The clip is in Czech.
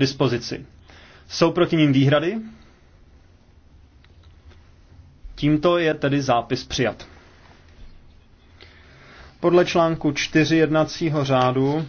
dispozici. Jsou proti ním výhrady? Tímto je tedy zápis přijat. Podle článku 4 jednacího řádu